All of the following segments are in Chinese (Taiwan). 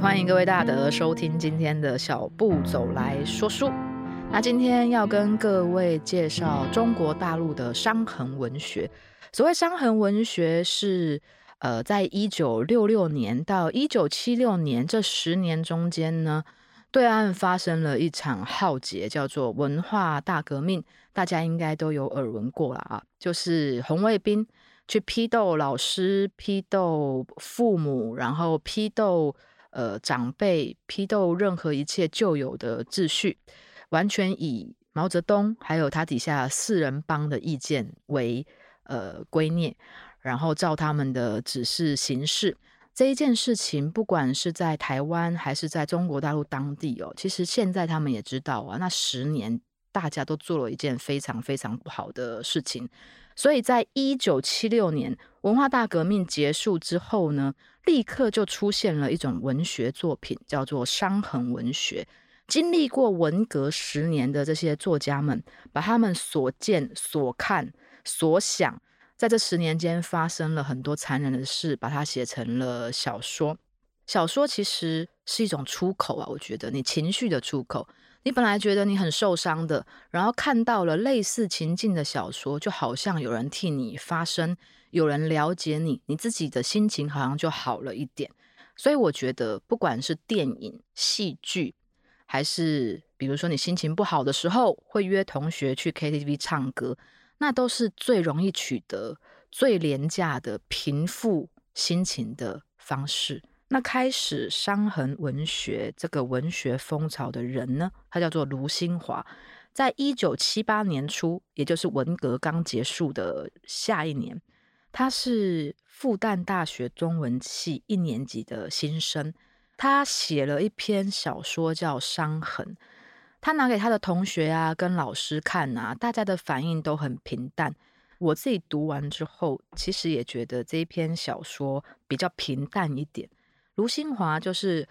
歡迎各位大德收聽今天的小步走來說書。那今天要跟各位介紹中國大陸的傷痕文學。所謂傷痕文學是，是呃，在一九六六年到一九七六年這十年中間呢，對岸發生了一場浩劫，叫做文化大革命。大家應該都有耳聞過了啊，就是紅衛兵去批鬥老師、批鬥父母，然後批鬥。呃，長輩批鬥任何一切舊有的秩序，完全以毛澤東還有他底下四人幫的意見為呃圭臬，然後照他們的指示行事。這一件事情，不管是在台灣還是在中國大陸當地哦，其實現在他們也知道啊，那十年大家都做了一件非常非常不好的事情，所以在一九七六年。文化大革命結束之後呢，立刻就出現了一種文學作品，叫做傷痕文學。經歷過文革十年的這些作家們，把他們所見、所看、所想，在這十年間發生了很多殘忍的事，把它寫成了小說。小說其實是一種出口啊，我覺得你情緒的出口。你本來覺得你很受傷的，然後看到了類似情境的小說，就好像有人替你發聲，有人了解你，你自己的心情好像就好了一點。所以我覺得，不管是電影、戲劇，還是比如說你心情不好的時候會約同學去 KTV 唱歌，那都是最容易取得、最廉價的平復心情的方式。那開始傷痕文學這個文學風潮的人呢，他叫做盧新華，在一九七八年初，也就是文革剛結束的下一年，他是復旦大學中文系一年級的新生，他寫了一篇小說叫《傷痕》，他拿給他的同學啊跟老師看啊，大家的反應都很平淡。我自己讀完之後，其實也覺得這一篇小說比較平淡一點。盧新華就是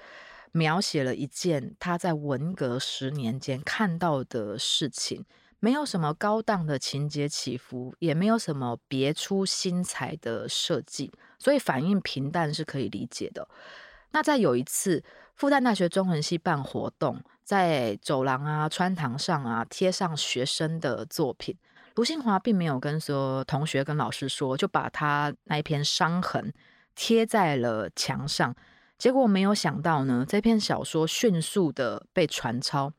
描寫了一件他在文革十年間看到的事情，沒有什麼高檔的情節起伏，也沒有什麼別出心裁的設計，所以反應平淡是可以理解的。那在有一次復旦大學中文系辦活動，在走廊啊、穿堂上啊貼上學生的作品，盧新華並沒有跟說同學跟老師說，就把他那一篇傷痕貼在了牆上。結果沒有想到呢，這篇小說迅速的被傳抄，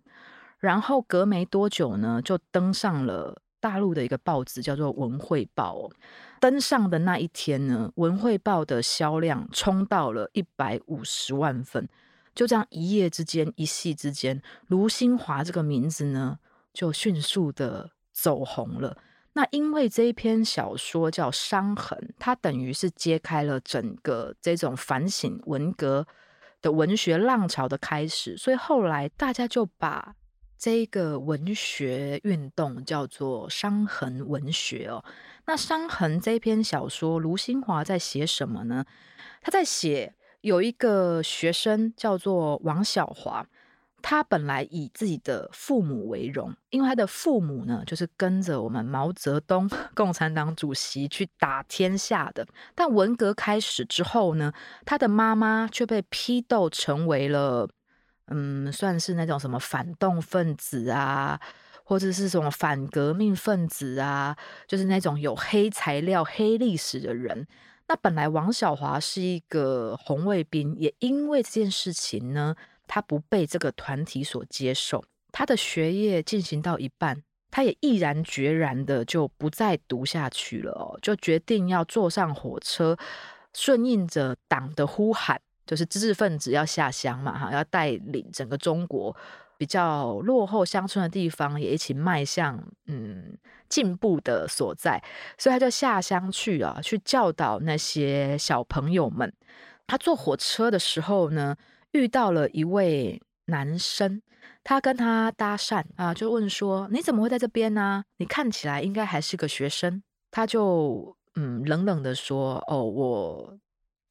然後隔沒多久呢，就登上了大陸的一個報紙，叫做《文匯報》。登上的那一天呢，《文匯報》的銷量衝到了一百五十萬份，就這樣一夜之間、一夕之間，盧新華這個名字呢，就迅速的走紅了。那因為這一篇小說叫《傷痕》，它等於是揭開了整個這種反省文革的文學浪潮的開始，所以後來大家就把這一個文學運動叫做“傷痕文學”哦。那《傷痕》這篇小說，盧新華在寫什麼呢？他在寫有一個學生叫做王曉華。他本來以自己的父母為榮，因為他的父母呢，就是跟着我們毛澤東共產黨主席去打天下的。但文革開始之後呢，他的媽媽卻被批鬥，成為了嗯，算是那種什麼反動分子啊，或者是什麼反革命分子啊，就是那種有黑材料、黑歷史的人。那本來王曉華是一個紅衛兵，也因為這件事情呢。他不被這個團體所接受，他的學業進行到一半，他也毅然決然的就不再讀下去了哦，就決定要坐上火車，順應着黨的呼喊，就是知識分子要下鄉嘛，哈，要帶領整個中國比較落後鄉村的地方也一起邁向嗯進步的所在，所以他就下鄉去啊，去教導那些小朋友們。他坐火車的時候呢，遇到了一位男生，他跟他搭訕啊，就問說：“你怎麼會在這邊呢？你看起來應該還是個學生。”他就嗯冷冷地說：“哦，我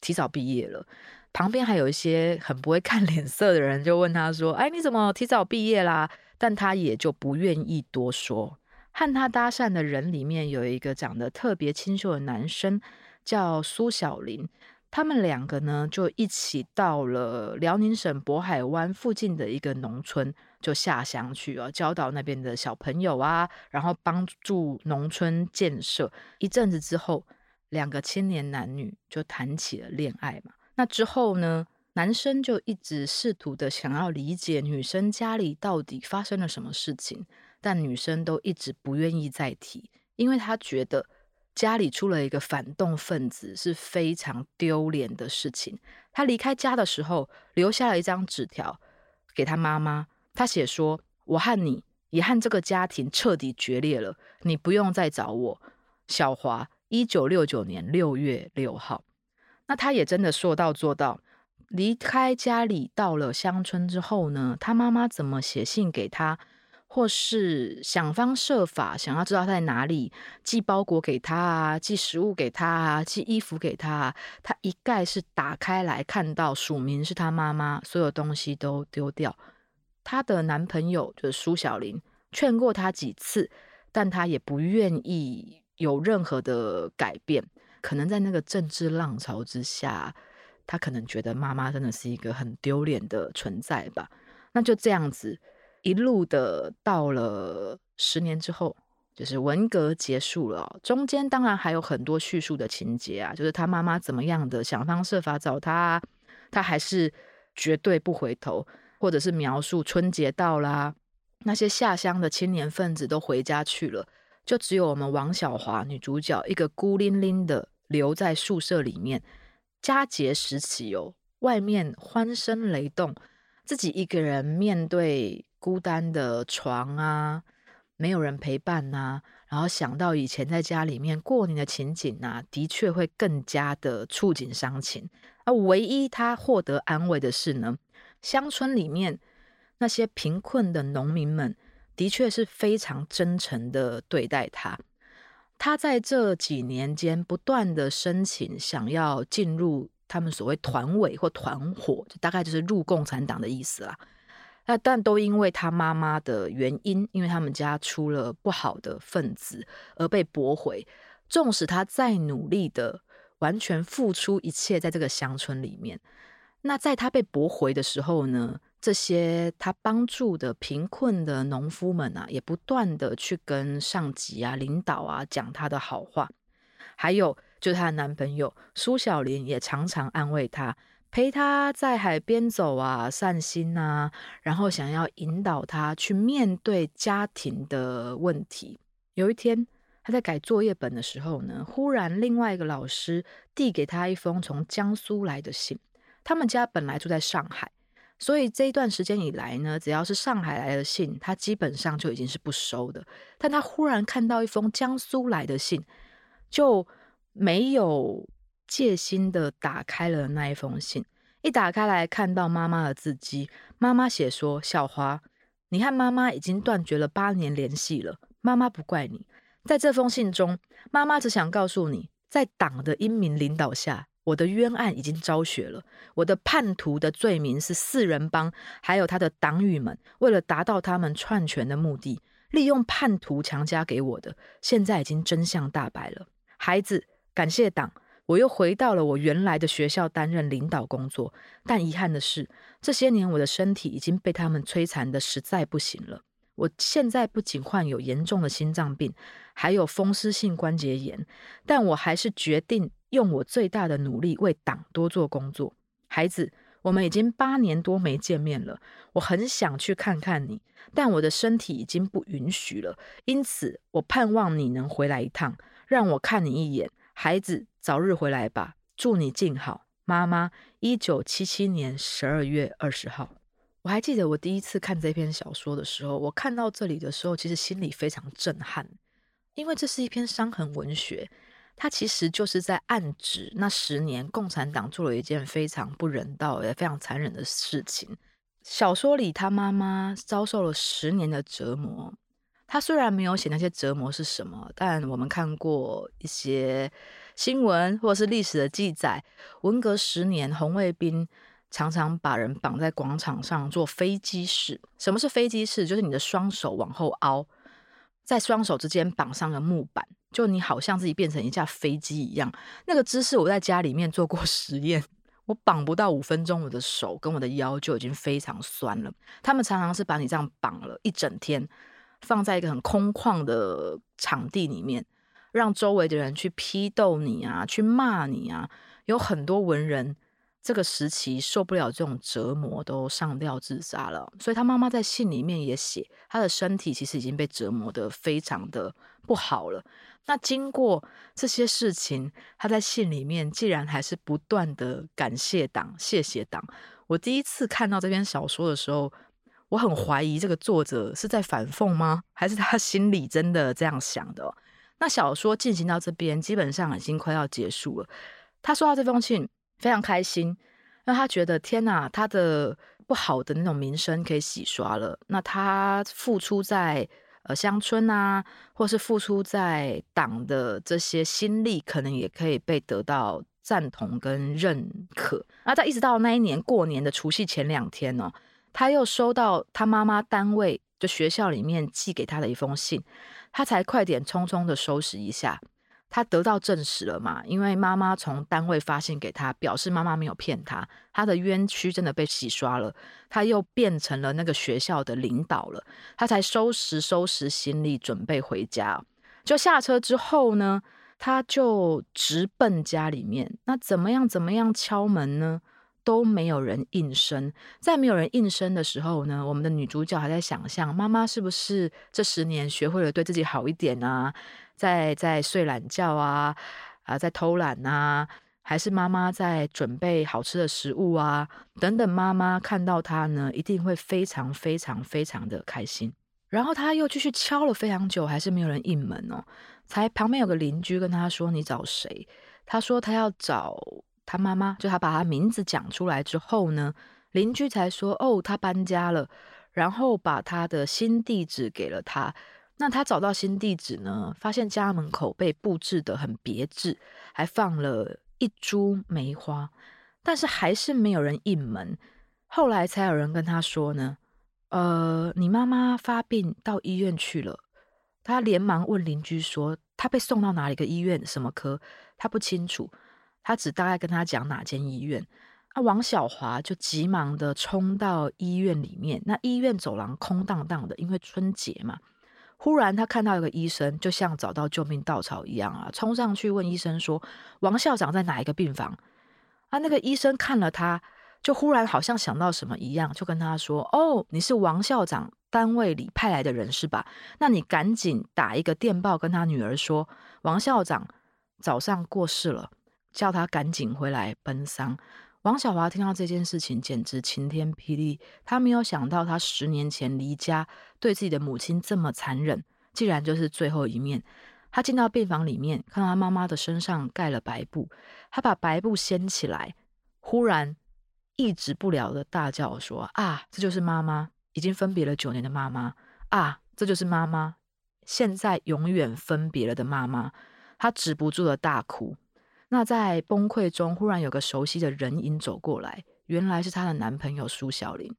提早畢業了。”旁邊還有一些很不會看臉色的人，就問他說：“哎，你怎麼提早畢業啦？”但他也就不願意多說。和他搭訕的人裡面有一個長得特別清秀的男生，叫蘇小林。他們兩個呢，就一起到了遼寧省渤海灣附近的一個農村，就下鄉去啊、哦，教導那邊的小朋友啊，然後幫助農村建設。一陣子之後，兩個青年男女就談起了戀愛嘛。那之後呢，男生就一直試圖的想要理解女生家裡到底發生了什麼事情，但女生都一直不願意再提，因為她覺得。家裡出了一個反動分子，是非常丟臉的事情。他離開家的時候，留下了一張紙條給他媽媽。他寫說：“我和你，也和這個家庭徹底決裂了。你不用再找我。”小華，一九六九年六月六號。那他也真的說到做到。離開家裡到了鄉村之後呢，他媽媽怎麼寫信給他？或是想方設法想要知道他在哪裡，寄包裹給他啊，寄食物給他啊，寄衣服給他，他一概是打開來看到署名是他媽媽，所有東西都丟掉。她的男朋友就是蘇小林，勸過他幾次，但他也不願意有任何的改變。可能在那個政治浪潮之下，他可能覺得媽媽真的是一個很丟臉的存在吧。那就這樣子。一路的到了十年之後，就是文革結束了哦。中間當然還有很多敘述的情節啊，就是他媽媽怎麼樣的想方設法找他啊，他還是絕對不回頭。或者是描述春節到啦啊，那些下鄉的青年分子都回家去了，就只有我們王曉華女主角一個孤零零的留在宿舍裡面。佳節時期哦，外面歡聲雷動，自己一個人面對。孤單的床啊，沒有人陪伴啊。然後想到以前在家裡面過年的情景啊，的確會更加的觸景傷情。而唯一他獲得安慰的是呢，鄉村裡面那些貧困的農民們的確是非常真誠的對待他。他在這幾年間不斷的申請，想要進入他們所謂團委或團夥，就大概就是入共產黨的意思啦、啊。但都因為他媽媽的原因，因為他們家出了不好的分子而被駁回。縱使他再努力的完全付出一切，在這個鄉村裡面，那在他被駁回的時候呢，這些他幫助的貧困的農夫們啊，也不斷的去跟上級啊、領導啊講他的好話，還有就是他的男朋友蘇小林也常常安慰他。陪他在海邊走啊，散心啊。然後想要引導他去面對家庭的問題。有一天，他在改作業本的時候呢，忽然另外一個老師遞給他一封從江蘇來的信。他們家本來住在上海，所以這一段時間以來呢，只要是上海來的信，他基本上就已經是不收的。但他忽然看到一封江蘇來的信，就沒有戒心的打開了那一封信，一打開來看到媽媽的字跡，媽媽寫說：“小花，你和媽媽已經斷絕了八年聯繫了。媽媽不怪你，在這封信中，媽媽只想告訴你，在黨的英明領導下，我的冤案已經昭雪了。我的叛徒的罪名是四人幫，還有他的黨羽們，為了達到他們篡權的目的，利用叛徒強加給我的，現在已經真相大白了。孩子，感謝黨。”我又回到了我原來的學校擔任領導工作，但遺憾的是，這些年我的身體已經被他們摧殘得實在不行了。我現在不僅患有嚴重的心臟病，還有風濕性關節炎，但我還是決定用我最大的努力為黨多做工作。孩子，我們已經八年多沒見面了，我很想去看看你，但我的身體已經不允許了，因此我盼望你能回來一趟，讓我看你一眼。孩子早日回來吧，祝你靜好，媽媽。一九七七年十二月二十號。我還記得我第一次看這篇小說的時候，我看到這裡的時候，其實心裡非常震撼，因為這是一篇傷痕文學，它其實就是在暗指那十年共產黨做了一件非常不人道也非常殘忍的事情。小說裡他媽媽遭受了十年的折磨。他雖然沒有寫那些折磨是什麼，但我們看過一些新聞或者是歷史的記載。文革十年，紅衛兵常常把人綁在廣場上做飛機式。什麼是飛機式？就是你的雙手往後凹，在雙手之間綁上了木板，就你好像自己變成一架飛機一樣。那個姿勢，我在家裡面做過實驗，我綁不到五分鐘，我的手跟我的腰就已經非常酸了。他們常常是把你這樣綁了一整天。放在一個很空曠的場地裡面，讓周圍的人去批鬥你啊，去罵你啊。有很多文人這個時期受不了這種折磨，都上吊自殺了。所以他媽媽在信裡面也寫，他的身體其實已經被折磨得非常的不好了。那經過這些事情，他在信裡面竟然還是不斷的感謝黨，謝謝黨。我第一次看到這篇小說的時候。我很懷疑這個作者是在反諷嗎？還是他心裡真的這樣想的哦？那小說進行到這邊，基本上已經快要結束了。他收到這封信，非常開心，因為他覺得天吶，他的不好的那種名聲可以洗刷了。那他付出在呃鄉村啊，或是付出在黨的這些心力，可能也可以被得到贊同跟認可。那在一直到那一年過年的除夕前兩天呢哦？他又收到他媽媽單位就學校裡面寄給他的一封信，他才快點匆匆的收拾一下。他得到證實了嘛。因為媽媽從單位發信給他，表示媽媽沒有騙他，他的冤屈真的被洗刷了。他又變成了那個學校的領導了，他才收拾收拾行李準備回家。就下車之後呢，他就直奔家裡面。那怎麼樣？怎麼樣敲門呢？都沒有人應聲。在沒有人應聲的時候呢，我們的女主角還在想象：媽媽是不是這十年學會了對自己好一點啊，在在睡懶覺啊，啊，在偷懶啊，還是媽媽在準備好吃的食物啊？等等，媽媽看到她呢，一定會非常非常非常的開心。然後她又繼續敲了非常久，還是沒有人應門哦。才旁邊有個鄰居跟她說：“你找誰？”她說：“她要找。”他媽媽就他把他名字講出來之後呢，鄰居才說：“哦，他搬家了。”然後把他的新地址給了他。那他找到新地址呢，發現家門口被布置得很別致，還放了一株梅花，但是還是沒有人應門。後來才有人跟他說呢：“呃，你媽媽發病到醫院去了。”他連忙問鄰居說：“他被送到哪裡個醫院？什麼科？”他不清楚。他只大概跟他講哪間醫院，那、啊、王小華就急忙的衝到醫院裡面。那醫院走廊空蕩蕩的，因為春節嘛。忽然他看到一個醫生，就像找到救命稻草一樣啊，衝上去問醫生說：“王校長在哪一個病房？”啊，那個醫生看了他，就忽然好像想到什麼一樣，就跟他說：“哦，你是王校長單位裡派來的人是吧？那你趕緊打一個電報跟他女兒說，王校長早上過世了。”叫他趕緊回來奔喪。王小華聽到這件事情，簡直晴天霹靂。他沒有想到，他十年前離家，對自己的母親這麼殘忍，竟然就是最後一面。他進到病房裡面，看到他媽媽的身上蓋了白布。他把白布掀起來，忽然抑制不了的大叫說：“啊，這就是媽媽，已經分別了九年的媽媽。啊，這就是媽媽，現在永遠分別了的媽媽。”他止不住的大哭。那在崩潰中，忽然有個熟悉的人影走過來，原來是她的男朋友蘇小林。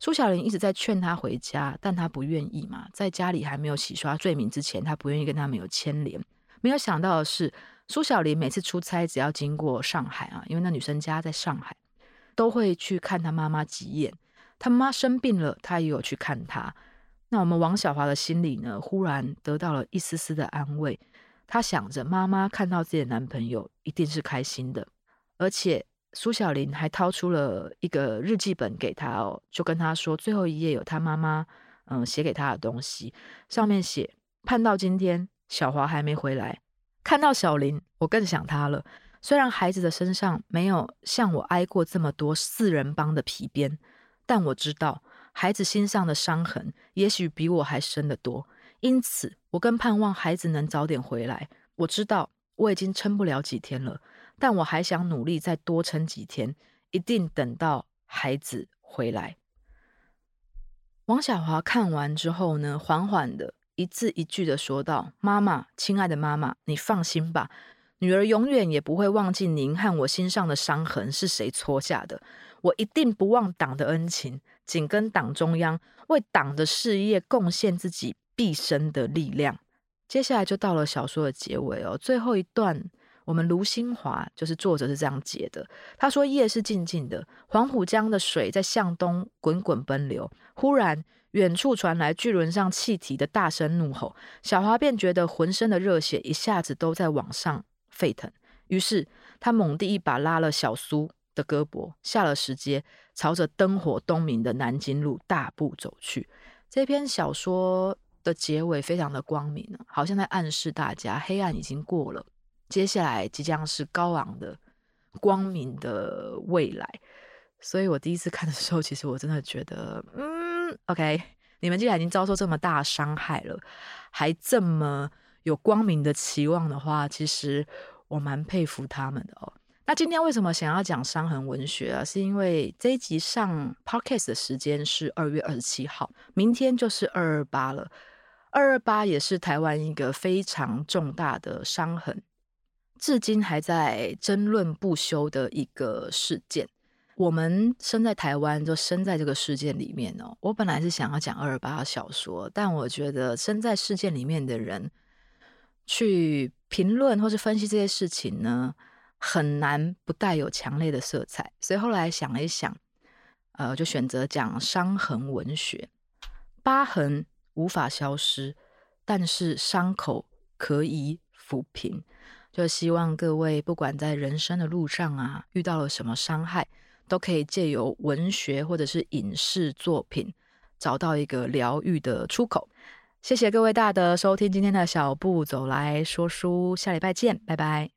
蘇小林一直在勸她回家，但她不願意嘛，在家裡還沒有洗刷罪名之前，她不願意跟他們有牽連。沒有想到的是，蘇小林每次出差只要經過上海啊，因為那女生家在上海，都會去看她媽媽幾眼。她媽生病了，他也有去看她。那我們王小華的心裡呢，忽然得到了一絲絲的安慰。她想着媽媽看到自己的男朋友一定是開心的，而且蘇小林還掏出了一個日記本給她哦，就跟她說最後一頁有她媽媽嗯寫給她的東西，上面寫盼到今天小華還沒回來，看到小林我更想她了。雖然孩子的身上沒有像我挨過這麼多四人幫的皮鞭，但我知道孩子心上的傷痕也許比我還深得多。因此，我更盼望孩子能早點回來。我知道我已經撐不了幾天了，但我還想努力再多撐幾天，一定等到孩子回來。王曉華看完之後呢，緩緩的一字一句的說道：“媽媽，親愛的媽媽，你放心吧，女兒永遠也不會忘記您和我心上的傷痕是誰戳下的。我一定不忘黨的恩情，緊跟黨中央，為黨的事業貢獻自己。”畢生的力量。接下來就到了小說的結尾哦，最後一段，我們盧新華就是作者是這樣寫的。他說：“夜是靜靜的，黃浦江的水在向東滾滾奔流。忽然，遠處傳來巨輪上汽笛的大聲怒吼，小華便覺得渾身的熱血一下子都在往上沸騰。於是，他猛地一把拉了小蘇的胳膊，下了石階，朝着燈火通明的南京路大步走去。”這篇小說。的結尾非常的光明，好像在暗示大家，黑暗已經過了，接下來即將是高昂的光明的未來。所以我第一次看的時候，其實我真的覺得，嗯，OK，你們既然已經遭受這麼大傷害了，還這麼有光明的期望的話，其實我蠻佩服他們的哦。那今天為什麼想要講傷痕文學啊？是因為這一集上 Podcast 的時間是二月二十七號，明天就是二二八了。二二八也是台灣一個非常重大的傷痕，至今還在爭論不休的一個事件。我們生在台灣，就生在這個事件裡面哦、喔。我本來是想要講二二八小說，但我覺得生在事件裡面的人去評論或是分析這些事情呢，很難不帶有強烈的色彩。所以後來想了一想，呃，就選擇講傷痕文學、疤痕。無法消失，但是傷口可以撫平。就希望各位不管在人生的路上啊，遇到了什麼傷害，都可以借由文學或者是影視作品，找到一個療癒的出口。謝謝各位大德收聽今天的小步走來說書，下禮拜見，拜拜。